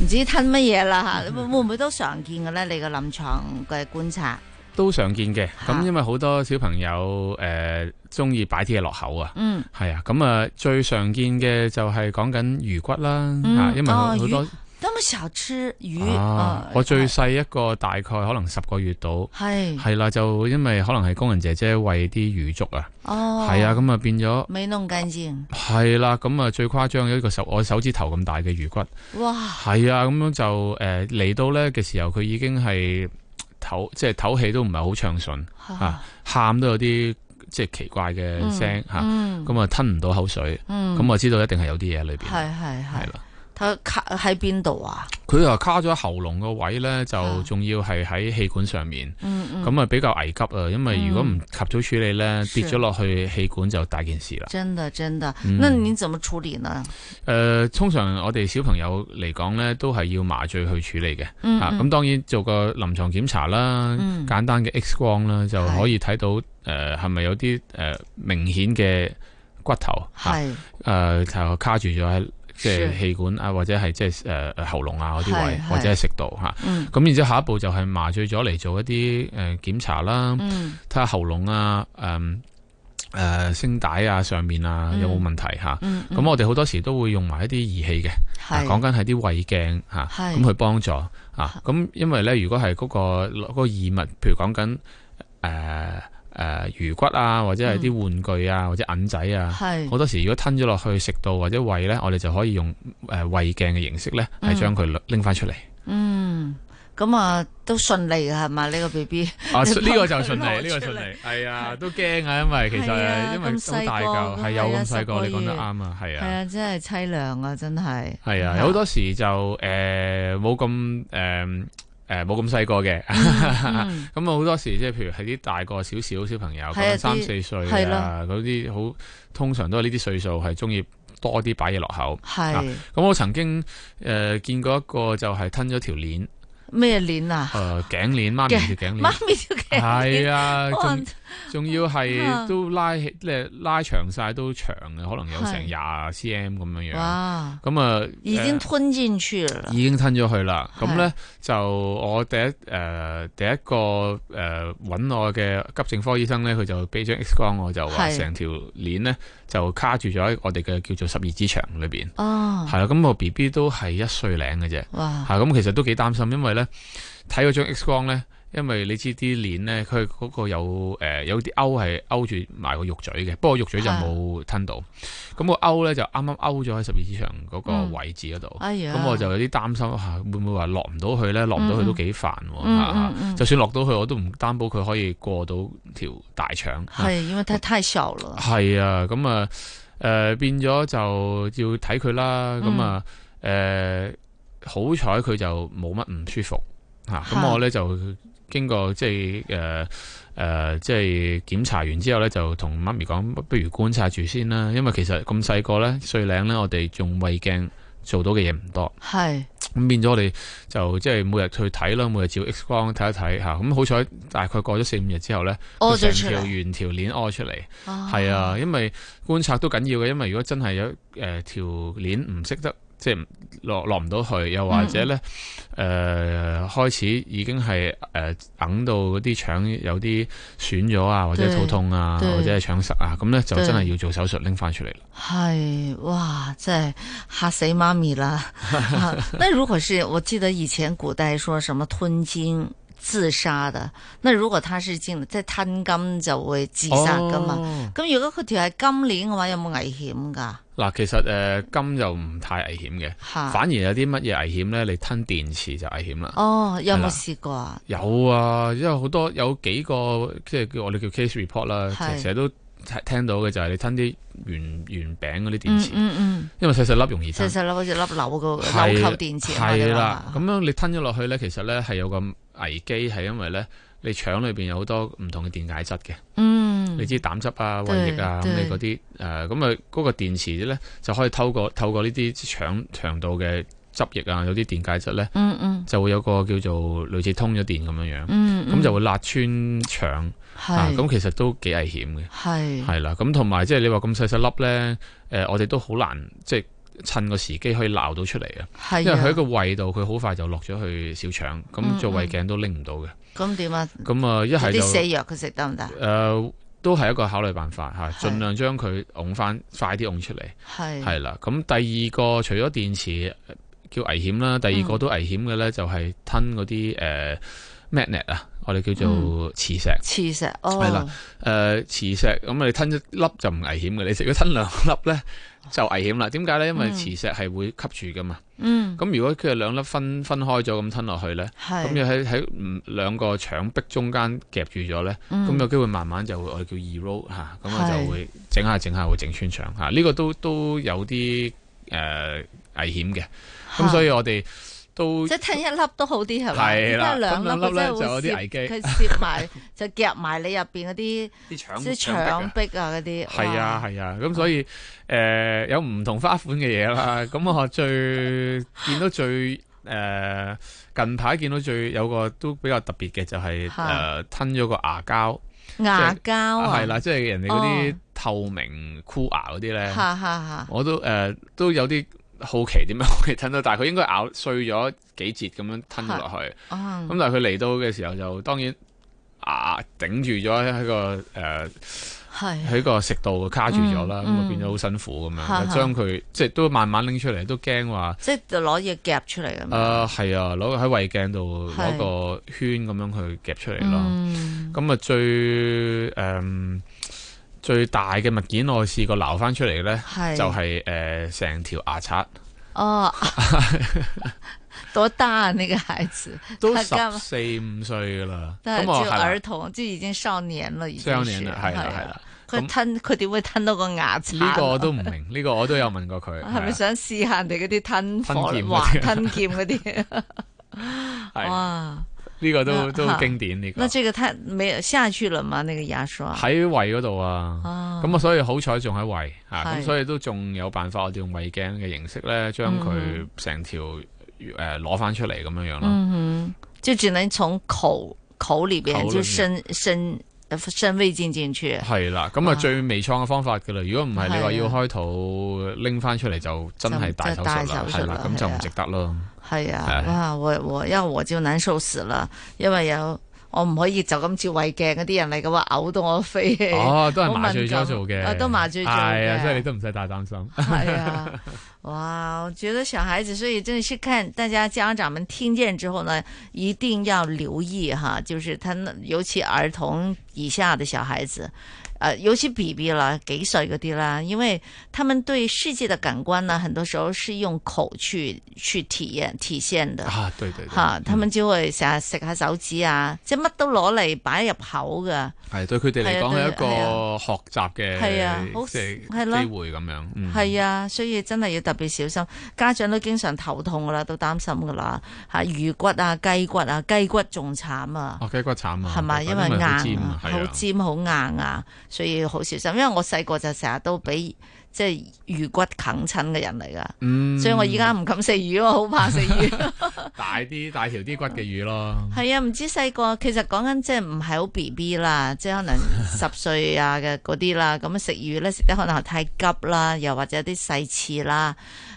唔知吞乜嘢啦吓，嗯、會唔會都常見嘅咧？你個臨牀嘅觀察都常見嘅，咁、啊、因為好多小朋友誒中意擺啲嘢落口、嗯、啊，係啊，咁啊最常見嘅就係講緊魚骨啦吓，嗯、因為好、啊、多。咁麼小食魚，我最細一個大概可能十個月到，係係啦，就因為可能係工人姐姐餵啲魚粥啊，係啊，咁啊變咗未弄乾淨，係啦，咁啊最誇張嘅一個手我手指頭咁大嘅魚骨，哇，係啊，咁樣就誒嚟到呢嘅時候，佢已經係唞即係唞氣都唔係好暢順啊，喊都有啲即係奇怪嘅聲吓，咁啊吞唔到口水，咁我知道一定係有啲嘢喺裏邊，係係係啦。佢卡喺邊度啊？佢又卡咗喉嚨個位咧，就仲要係喺氣管上面，咁啊、嗯嗯、比較危急啊！因為如果唔及早處理咧，跌咗落去氣管就大件事啦。真的，真的。嗯、那你怎麼處理呢？誒、呃，通常我哋小朋友嚟講咧，都係要麻醉去處理嘅。吓、嗯，咁、嗯啊、當然做個臨床檢查啦，嗯、簡單嘅 X 光啦，就可以睇到誒係咪有啲誒、呃、明顯嘅骨頭係誒就卡住咗喺。即係氣管啊，或者係即係誒喉嚨啊嗰啲位，是是或者係食道吓。咁、嗯、然之後下一步就係麻醉咗嚟做一啲誒、呃、檢查啦，睇下、嗯、喉嚨啊、誒、呃、誒聲帶啊上面啊有冇問題吓。咁、嗯嗯啊、我哋好多時都會用埋一啲儀器嘅，講緊係啲胃鏡吓，咁、啊、是去幫助啊。咁因為咧，如果係嗰、嗰個嗰、嗰個異物，譬如講緊誒。呃誒、呃、魚骨啊，或者係啲玩具啊，或者鈴仔啊，好、嗯、多時如果吞咗落去食到或者胃咧，我哋就可以用誒胃鏡嘅形式咧，係將佢拎翻出嚟、嗯。嗯，咁、嗯嗯嗯嗯嗯、啊、嗯嗯嗯、啊都順利嘅係嘛？呢、這個 B B *laughs* 啊，呢個就順利，呢個順利係、這個、啊，都驚啊！因為其實、啊、因為咁大嚿係有咁細個，你講得啱啊，係啊，係啊，真係凄涼啊，真係係啊，好多時就誒冇咁誒。嗯誒冇咁細個嘅，咁啊好多時即係譬如係啲大個少少小朋友，三四、啊、歲啊嗰啲好，通常都係呢啲歲數係鍾意多啲擺嘢落口。係是，咁、啊、我曾經誒、呃、見過一個就係吞咗條鏈。咩鏈啊？誒、呃、頸鏈，媽咪條頸鏈，媽咪條頸鏈，係啊！ *laughs* 仲要係都拉起咧，啊、拉長晒都長嘅，可能有成廿 cm 咁樣是樣。哇！咁啊、嗯，已經吞進去啦，已經吞咗去啦。咁咧是就我第一誒、呃，第一個誒，揾、呃、我嘅急症科醫生咧，佢就俾張 X 光我，我就話成條鏈咧就卡住咗喺我哋嘅叫做十二指腸裏邊。哦、啊，係啦、啊，咁我 B B 都係一歲零嘅啫。哇！吓、啊，咁其實都幾擔心，因為咧睇嗰張 X 光咧。因為你知啲鏈咧，佢嗰個有誒、呃、有啲勾係勾住埋個肉嘴嘅，不過肉嘴就冇吞到。咁的個勾咧就啱啱勾咗喺十二指腸嗰個位置嗰度。咁、嗯哎、我就有啲擔心吓、啊，會唔會話落唔到去咧？落唔到去都幾煩。吓，就算落到去，我都唔擔保佢可以過到條大腸。係的，嗯、因為太太瘦喇。係啊，咁啊，誒的，變咗就要睇佢啦。咁啊，誒，好彩佢就冇乜唔舒服吓。咁我咧就。經過即係誒誒，即係檢查完之後咧，就同媽咪講，不如觀察住先啦。因為其實咁細個咧，碎領咧，我哋仲胃鏡做到嘅嘢唔多。係咁是變咗，我哋就即係每日去睇囉，每日照 X 光睇一睇吓。咁好彩，大概過咗四五日之後咧，成條原條鏈屙出嚟來。係啊，啊，因為觀察都緊要嘅，因為如果真係有誒條鏈唔識得。即係落落唔到去，又或者咧，誒、嗯呃、開始已經係誒等到嗰啲腸有啲損咗啊，或者肚痛啊，對或者係腸塞啊，咁咧對就真係要做手術拎翻出嚟啦。係哇，真係嚇死媽咪啦 *laughs* 啊！那如果是我記得以前古代說什麼吞金？自殺的，那如果他是即係吞金就會自殺噶嘛？咁如果佢條係金鏈嘅話，有冇危險噶？嗱，其實誒金又唔太危險嘅，反而有啲乜嘢危險咧？你吞電池就危險啦。哦，有冇試過啊？有啊，因為好多有幾個即係叫我哋叫 case report 啦，成日都聽到嘅就係你吞啲圓圓餅嗰啲電池，嗯嗯，因為細細粒容易吞，細細粒好似粒紐嗰紐扣電池，係啦，咁樣你吞咗落去咧，其實咧係有個。危機係因為咧，你腸裏邊有好多唔同嘅電解質嘅，嗯、你知膽汁啊、胃液啊咁你嗰啲誒，咁啊嗰個電池咧就可以透過透過呢啲腸腸道嘅汁液啊，有啲電解質咧，嗯嗯、就會有個叫做類似通咗電咁樣樣，咁、嗯嗯、就會辣穿腸，咁是、啊、其實都幾危險嘅，係啦是，咁同埋即係你話咁細細粒咧，誒、呃，我哋都好難即係。就是趁個時機可以撈到出嚟啊！因為佢喺個胃度，佢好快就落咗去小腸，咁、嗯嗯、做胃鏡都拎唔到嘅。咁點啊？咁啊，一係、嗯、就啲瀉藥佢食得唔得？誒、呃，都係一個考慮辦法吓，盡是量將佢㧬翻快啲㧬出嚟。係係啦。咁第二個除咗電池叫危險啦，第二個都危險嘅呢，就係吞嗰啲誒 magnet 啊，我哋叫做磁石。磁石係啦，誒，磁石咁、哦呃、你吞一粒就唔危險嘅，你食咗吞兩粒呢。就危險啦，點解咧？因為磁石係會吸住噶嘛。嗯。咁如果佢兩粒分分開咗咁吞落去咧，咁要喺喺兩個腸壁中間夾住咗咧，咁、嗯、有機會慢慢就會我哋叫 erode 咁啊我就會整下整下會整穿腸嚇。呢、啊這個都都有啲誒、呃、危險嘅，咁所以我哋。啊即係吞一粒都好啲係咪？吞兩粒真係會，就有啲危機，佢攝埋就夾埋你入邊嗰啲啲腸壁啊嗰啲。係啊係啊，咁所以誒有唔同花款嘅嘢啦。咁我最見到最誒近排見到最有個都比較特別嘅就係誒吞咗個牙膠牙膠啊，係啦，即係人哋嗰啲透明箍牙嗰啲咧，我都誒都有啲。好奇點樣，樣吞到，但係佢應該咬碎咗幾截咁樣吞落去，咁、嗯、但係佢嚟到嘅時候就當然牙頂、啊、住咗喺個誒，喺、呃、是個食道卡住咗啦，咁啊、嗯嗯、變咗好辛苦咁樣，將佢的的即係都慢慢拎出嚟，都驚話，即係就攞嘢夾出嚟咁樣，誒係啊，攞個喺胃鏡度攞個圈咁樣去夾出嚟啦，咁啊、嗯、最誒。嗯最大嘅物件我試過撈翻出嚟咧，就係誒成條牙刷。哦，多大呢個孩子？都十四五歲噶啦，咁啊係兒童，即係已經少年啦，已經。少年啦，係係啦，佢吞佢點會吞到個牙刷？呢個我都唔明，呢個我都有問過佢，係咪想試下人哋嗰啲吞火環、吞劍嗰啲？哇！呢個都都經典，呢個。那這個太未有下去了嘛，呢個牙刷喺胃嗰度啊，咁啊，所以好彩仲喺胃啊，咁所以都仲有辦法，我哋用胃鏡嘅形式咧，將佢成條誒攞翻出嚟咁樣樣咯。嗯哼，就只能從口口裏邊就伸伸伸胃鏡進去。係啦，咁啊最微創嘅方法㗎啦，如果唔係你話要開肚拎翻出嚟，就真係大手術啦，係啦，咁就唔值得咯。係啊、 *noise* 哎，哇！我和，因為我，我就難受死啦，因為有我唔可以就咁照胃鏡嗰啲人嚟嘅話，嘔到我飛。哦，都係麻醉咗做嘅，都麻醉咗。係啊、哎，即係你都唔使太擔心。係 *laughs* 啊、哎，哇！我覺得小孩子，所以真係是看大家家長們聽見之後呢，一定要留意哈，就是他，尤其兒童以下的小孩子。誒，有似 B B 啦，幾歲嗰啲啦，因為他們對世界的感官呢，很多時候是用口去去體驗體現的。啊，對對，吓，他們只會成日食下手指啊，即係乜都攞嚟擺入口噶。係對佢哋嚟講係一個學習嘅係啊，好機會咁樣。係啊，所以真係要特別小心，家長都經常頭痛噶啦，都擔心噶啦。吓，魚骨啊，雞骨啊，雞骨仲慘啊。哦，雞骨慘啊。係咪？因為硬，好尖好硬啊。所以好小心，因為我細個就成日都俾即係魚骨啃親嘅人嚟㗎。嗯、所以我依家唔敢食魚，我好怕食魚。 *laughs* *laughs* 大啲大條啲骨嘅魚咯，係啊，唔知細個其實講緊即係唔係好 B B 啦，即係可能十歲啊嘅嗰啲啦，咁樣 *laughs* 食魚咧食得可能太急啦，又或者啲細刺啦，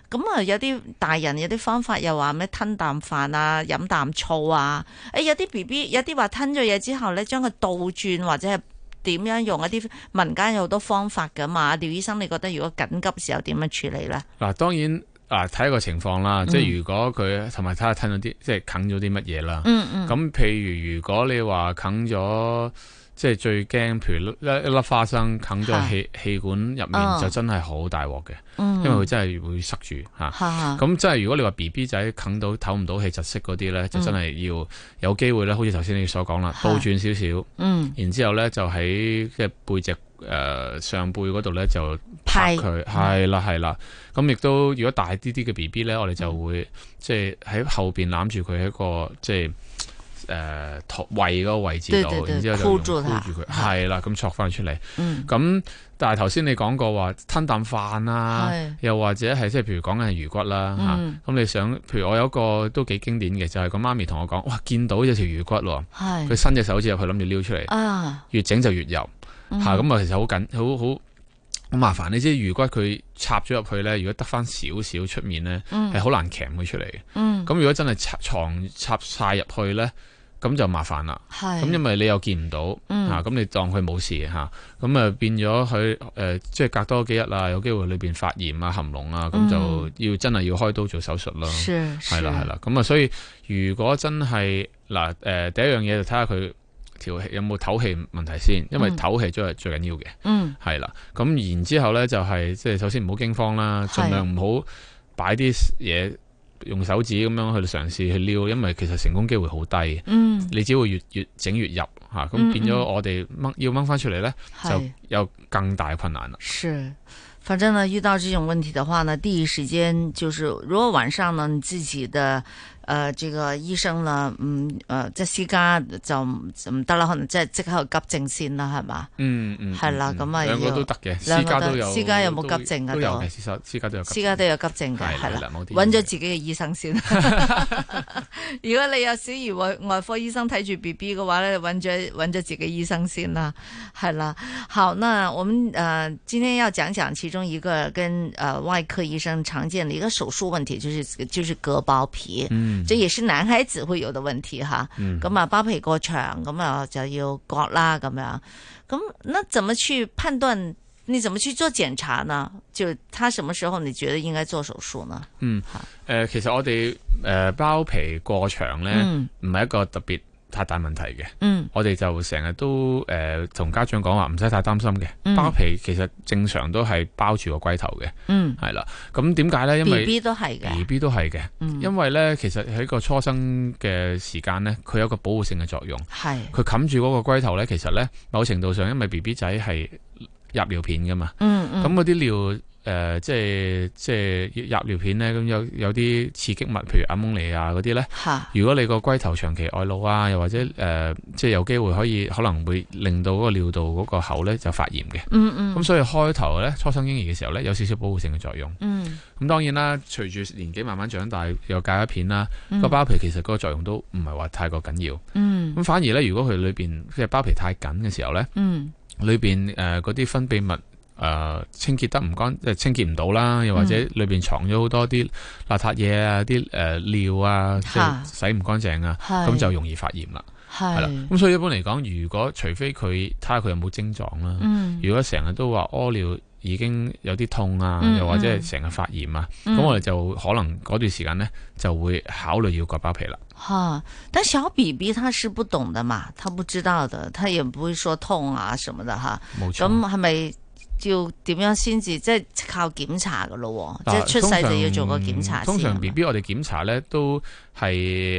咁啊有啲大人有啲方法又話咩吞啖飯啊，飲啖醋啊，誒、欸、有啲 B B 有啲話吞咗嘢之後咧，將佢倒轉或者係。點樣用一啲民間有好多方法噶嘛？廖醫生，你覺得如果緊急的時候點樣處理咧？嗱，當然，嗱、啊、睇個情況啦，嗯、即係如果佢同埋睇下吞咗啲，即係啃咗啲乜嘢啦。嗯嗯。咁譬如如果你話啃咗。即係最驚，譬如一粒花生啃咗氣氣管入面，就真係好大鑊嘅，因為佢真係會塞住吓。咁即係，如果你話 B B 仔啃到唞唔到氣窒息嗰啲咧，就真係要有機會咧，好似頭先你所講啦，倒轉少少，然之後咧就喺背脊誒上背嗰度咧就拍佢，係啦係啦。咁亦都如果大啲啲嘅 B B 咧，我哋就會即係喺後面攬住佢一個即係。誒、呃，胃個位置度，然之後就箍住佢，係啦，咁戳翻出嚟。咁、嗯、但係頭先你講過話吞啖飯啦，是的又或者係即係譬如講緊係魚骨啦、啊、吓。咁、嗯啊、你想，譬如我有一個都幾經典嘅，就係、是、個媽咪同我講，哇，見到有條魚骨喎，佢的伸隻手指入去諗住撩出嚟，啊、越整就越油吓，咁、嗯、啊其實好緊，好好。很咁麻煩，你知如果佢插咗入去咧，如果得翻少少出面咧，係好難鉗佢出嚟嘅。咁如果真係插床插晒入去咧，咁就麻煩啦。咁是因為你又見唔到，嚇咁、嗯啊、你當佢冇事嚇，咁啊變咗佢即係隔多幾日啦有機會裏邊發炎啊、含膿啊，咁就要、嗯、真係要開刀做手術啦。係啦係啦，咁啊、嗯，所以如果真係嗱、呃呃、第一樣嘢就睇下佢。調有冇唞氣問題先？因為唞氣都係最緊要嘅、嗯。嗯，係啦、就是。咁然之後呢，就係即係首先唔好驚慌啦，盡量唔好擺啲嘢，用手指咁樣去嘗試去撩，因為其實成功機會好低。嗯、你只會越越整越入吓，咁、嗯啊、變咗我哋掹，要掹翻出嚟呢，嗯、就有更大的困難啦。反正呢遇到這種問題的話呢，第一時間就是如果晚上呢，你自己的。誒，這個醫生啦，嗯，誒，即私家就唔得啦，可能即係即刻去急症先啦，係嘛？嗯嗯，係啦，咁啊，兩個都得嘅，私家都有，私家有冇急症噶？都有嘅，私家都有，私家都有急症嘅，係啦，揾咗自己嘅醫生先。如果你有小兒外外科醫生睇住 B B 嘅話咧，揾咗揾咗自己醫生先啦，係啦。好，那我們誒，今天要講講其中一個跟誒外科醫生常見嘅一個手術問題，就是就是割包皮。嗯。這也是男孩子會有的問題哈，咁、嗯、啊包皮過長咁啊就要割啦咁樣，咁那，那怎麼去判斷？你怎麼去做檢查呢？就他什麼時候你覺得應該做手術呢？嗯，誒、呃，其實我哋誒、呃、包皮過長咧，唔係、嗯、一個特別。太大問題嘅，嗯、我哋就成日都誒同、呃、家長講話唔使太擔心嘅，嗯、包皮其實正常都係包住個龜頭嘅，係啦、嗯。咁點解呢？因為 B B 都係嘅，B B 都係嘅，嗯、因為呢，其實喺個初生嘅時間呢，佢有個保護性嘅作用，係佢冚住嗰個龜頭呢，其實呢某程度上，因為 B B 仔係入尿片㗎嘛，咁嗰啲尿。嗯誒、呃，即係即係入尿片呢，咁有有啲刺激物，譬如阿蒙尼亞嗰啲呢。哈如果你個龜頭長期外露啊，又或者誒、呃，即係有機會可以可能會令到嗰個尿道嗰個口呢就發炎嘅。咁、嗯嗯、所以開頭呢，初生嬰兒嘅時候呢，有少少保護性嘅作用。咁、嗯、當然啦，隨住年紀慢慢長大，又戒一片啦，個、嗯、包皮其實個作用都唔係話太過緊要。咁、嗯、反而呢，如果佢裏邊即係包皮太緊嘅時候呢，嗯、裏邊誒嗰啲分泌物。誒、呃，清潔得唔乾，清潔唔到啦，又或者裏邊藏咗好多啲邋遢嘢啊，啲誒、呃、尿啊，即係洗唔乾淨啊，咁就、啊、是就容易發炎啦。係啦是，咁所以一般嚟講，如果除非佢睇下佢有冇症狀啦，嗯、如果成日都話屙尿已經有啲痛啊，嗯、又或者係成日發炎啊，咁、嗯、我哋就可能嗰段時間咧就會考慮要割包皮啦。吓、啊，但小 B B 他是不懂的嘛，他不知道的，他也不會說痛啊什麼的哈。冇、啊、錯，咁錯要點樣先至即係靠檢查嘅咯，啊、即係出世就要做個檢查。通常，常 B B 我哋檢查咧都係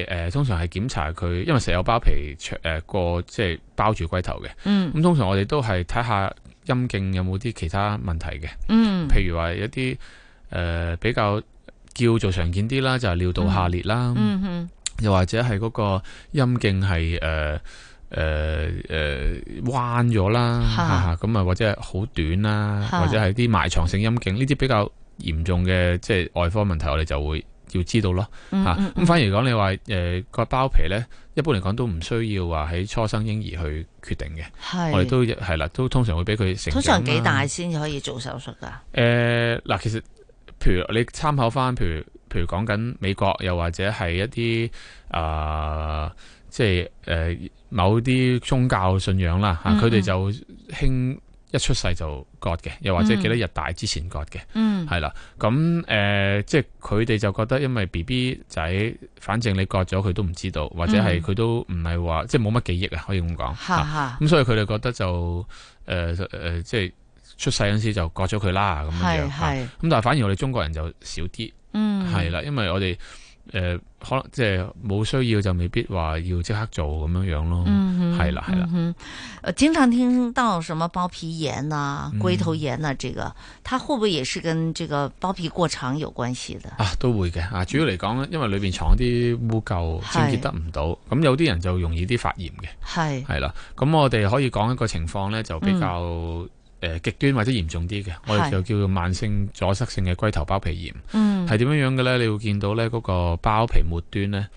誒、呃，通常係檢查佢，因為石有包皮長誒個即係包住龜頭嘅。嗯，咁通常我哋都係睇下陰莖有冇啲其他問題嘅。嗯，譬如話一啲誒、呃、比較叫做常見啲啦，就係、是、尿道下裂啦，又、嗯嗯、或者係嗰個陰莖係誒誒誒，彎咗啦，咁、呃、啊或者係好短啦，或者係啲、啊、埋藏性陰莖，呢啲、啊、比較嚴重嘅，即、就、係、是、外科問題，我哋就會要知道咯，吓、嗯嗯嗯啊。咁反而講你話，誒、呃、個包皮咧，一般嚟講都唔需要話喺初生嬰兒去決定嘅，是我哋都係啦，都通常會俾佢成、啊。通常幾大先可以做手術噶？誒，嗱，其實譬如你參考翻，譬如譬如講緊美國，又或者係一啲啊。呃即係誒、呃，某啲宗教信仰啦，吓佢哋就興一出世就割嘅，又或者幾多日大之前割嘅，係、mm hmm. 啦。咁、嗯、誒、呃，即係佢哋就覺得，因為 B B 仔，反正你割咗佢都唔知道，或者係佢都唔係話即係冇乜記憶啊，可以咁講。咁、 *laughs* 啊、所以佢哋覺得就誒誒、呃，即係出世嗰時就割咗佢啦咁樣。係係。咁但係反而我哋中國人就少啲。嗯、mm。係、hmm. 啦，因為我哋。誒、呃，可能即係冇需要就未必話要即刻做咁樣樣咯，係、嗯、哼啦係啦、嗯。經常聽到什麼包皮炎啊、龜頭炎啊，嗯、這個它會唔會也是跟這個包皮過長有關係的？啊，都會嘅啊，主要嚟講，因為裏邊藏啲污垢，清潔、嗯、得唔到，咁是有啲人就容易啲發炎嘅，係係是啦。咁我哋可以講一個情況呢就比較。嗯誒、呃、極端或者嚴重啲嘅，是我哋就叫做慢性阻塞性嘅龜頭包皮炎，係點、嗯、樣樣嘅呢？你會見到呢嗰、那個包皮末端呢，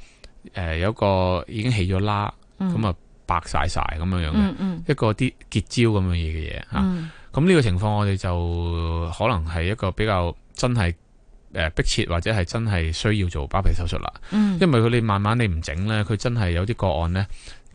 誒、呃、有一個已經起咗疤，咁啊、嗯、白晒晒，咁樣樣嘅，一個啲結焦咁樣嘢嘅嘢嚇。咁、啊、呢、嗯、個情況我哋就可能係一個比較真係誒迫切或者係真係需要做包皮手術啦，嗯、因為佢你慢慢你唔整呢，佢真係有啲個案呢。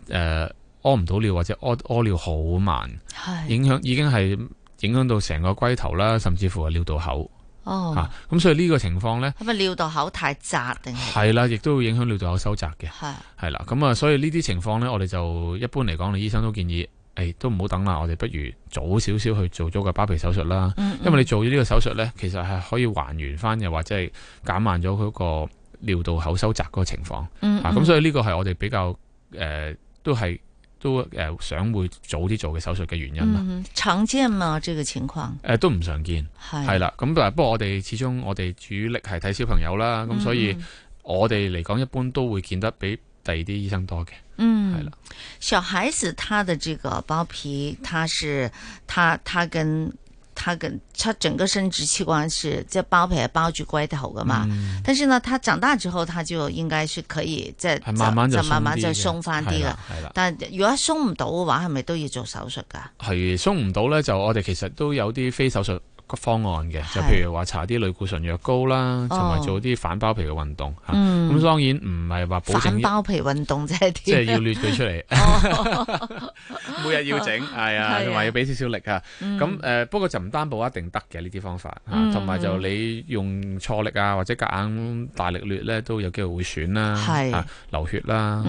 誒、呃。屙唔到尿，或者屙屙尿好慢，是影響已經係影響到成個龜頭啦，甚至乎係尿道口哦，咁、啊嗯、所以呢個情況呢，係咪啊尿道口太窄定係啦，亦都會影響尿道口收窄嘅，係啦的，咁啊、嗯、所以呢啲情況呢，我哋就一般嚟講，你醫醫生都建議，誒、哎、都唔好等啦，我哋不如早少少去做咗個包皮手術啦，嗯嗯，因為你做咗呢個手術呢，其實係可以還原翻，又或者係減慢咗佢個尿道口收窄嗰個情況，咁、嗯嗯啊嗯、所以呢個係我哋比較誒、呃、都係。都誒想會早啲做嘅手術嘅原因啦。嗯，常見嘛，這個情況。誒、呃，都唔常見。係係是啦，咁但係不過我哋始終我哋主力係睇小朋友啦，咁、嗯、哼所以我哋嚟講一般都會見得比第二啲醫生多嘅。嗯，係啦，小孩子他的這個包皮，他是他他跟。.他跟他整個生殖器官是，即係包皮包住龜頭噶嘛，嗯、但是呢，他長大之後，他就應該是可以再慢慢就鬆翻啲啦。係啦，但係如果鬆唔到嘅話，係咪都要做手術噶？係鬆唔到咧，就我哋其實都有啲非手術個方案嘅，就譬如話搽啲類固醇藥膏啦，同埋是做啲反包皮嘅運動吓。咁、哦啊、當然唔係話保證反包皮運動啫，即係要掠佢出嚟，哦、 *laughs* 每日要整，係、哦、啊，同埋要俾少少力啊。咁誒、嗯呃，不過就唔擔保一定得嘅呢啲方法。同、啊、埋就你用錯力啊，或者夾硬大力掠咧，都有機會會損啦、啊，係是、啊、流血啦。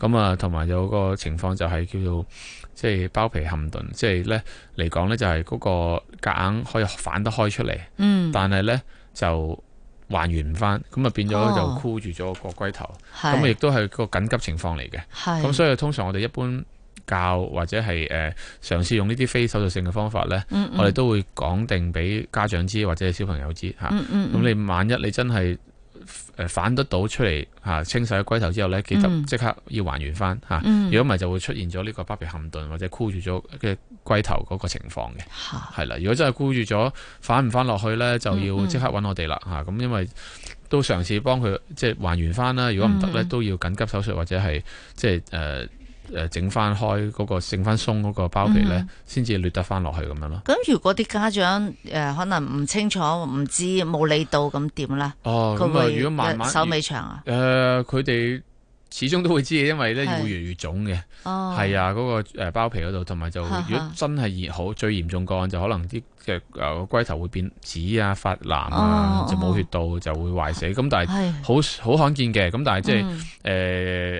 咁啊，同埋、嗯哼啊、有個情況就係叫做即係、就是、包皮嵌頓，即係咧嚟講咧就係、是、嗰個夾硬可以。反得開出嚟，嗯、但係咧就還原唔翻，咁啊變咗就箍住咗個龜頭，咁啊亦都係個緊急情況嚟嘅。咁是所以通常我哋一般教或者係誒嘗試用呢啲非手術性嘅方法咧，嗯嗯、我哋都會講定俾家長知或者係小朋友知嚇。咁、嗯嗯啊、你萬一你真係誒反得到出嚟嚇清洗咗龜頭之後咧，嗯、記得即刻要還原翻嚇。如果唔係就會出現咗呢個包皮嵌頓或者箍住咗嘅，龜頭嗰個情況嘅，係啦哈，如果真係箍住咗返唔翻落去呢，就要即刻搵我哋啦，吓咁、嗯嗯啊、因為都嘗試幫佢即係還原翻啦，如果唔得呢，嗯嗯都要緊急手術或者係即係誒誒整翻開嗰個剩翻鬆嗰個包皮呢，先至掠得翻落去咁樣咯。咁如果啲家長誒、呃、可能唔清楚、唔知冇理到咁點啦？呢哦，咁啊，如果慢慢手尾長啊？誒、呃，佢、呃、哋。始終都會知，因為咧會越嚟越腫嘅，係啊，嗰個誒包皮嗰度，同埋就如果真係熱好，最嚴重個案就可能啲嘅誒龜頭會變紫啊，發藍啊，就冇血到就會壞死。咁但係好好罕見嘅，咁但係即係誒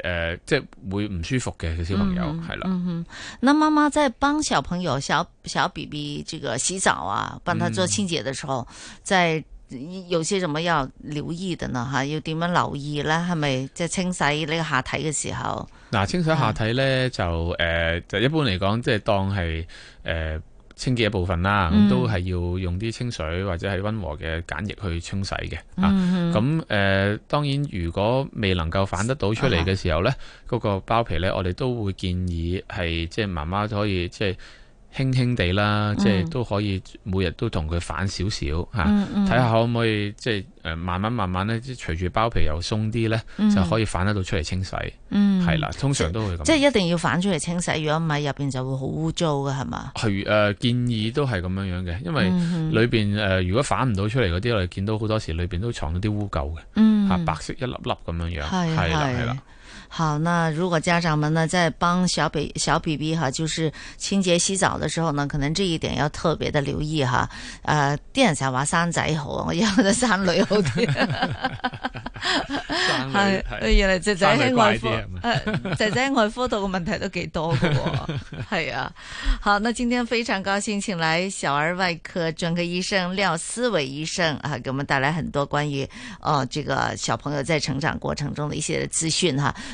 誒，即係會唔舒服嘅小朋友係啦。那媽媽在幫小朋友小小 BB 這個洗澡啊，幫佢做清潔嘅時候，在有啲乜嘢要留意㗎吓？要點樣留意呢？係咪即係清洗呢個下體嘅時候？嗱，清洗下體呢，嗯、就誒、呃，就一般嚟講，即係當係誒、呃、清潔一部分啦。嗯、都係要用啲清水或者係溫和嘅梘液去清洗嘅。嗯嗯、啊，咁誒、呃，當然如果未能夠反得到出嚟嘅時候呢，嗰、啊、個包皮呢，我哋都會建議係即係媽媽可以即係。就是輕輕地啦，即係都可以每日都同佢反少少嚇，睇下可唔可以即係、呃、慢慢慢慢咧，即隨住包皮又鬆啲咧，嗯、就可以反得到出嚟清洗。嗯，係啦，通常都會咁。即係一定要反出嚟清洗，如果唔係入邊就會好污糟㗎，係嘛？係、呃、建議都係咁樣樣嘅，因為裏邊、呃、如果反唔到出嚟嗰啲，我哋見到好多時裏邊都藏咗啲污垢嘅，嚇、嗯啊、白色一粒粒咁樣樣，係啦係係。好，那如果家長們呢，在幫小北、小 BB 哈，就是清潔洗澡的時候呢，可能這一點要特別的留意哈。呃，啲人成日話生仔好啊，我而家覺得生女好啲。生女，原來仔仔喺外科，仔仔喺外科，多嘅問題都幾多嘅喎。係 *laughs* 啊，好，那今天非常高興，請來小兒外科專科醫生廖思維醫生啊，給我們帶來很多關於哦、呃，這個小朋友在成長過程中的一些資訊哈。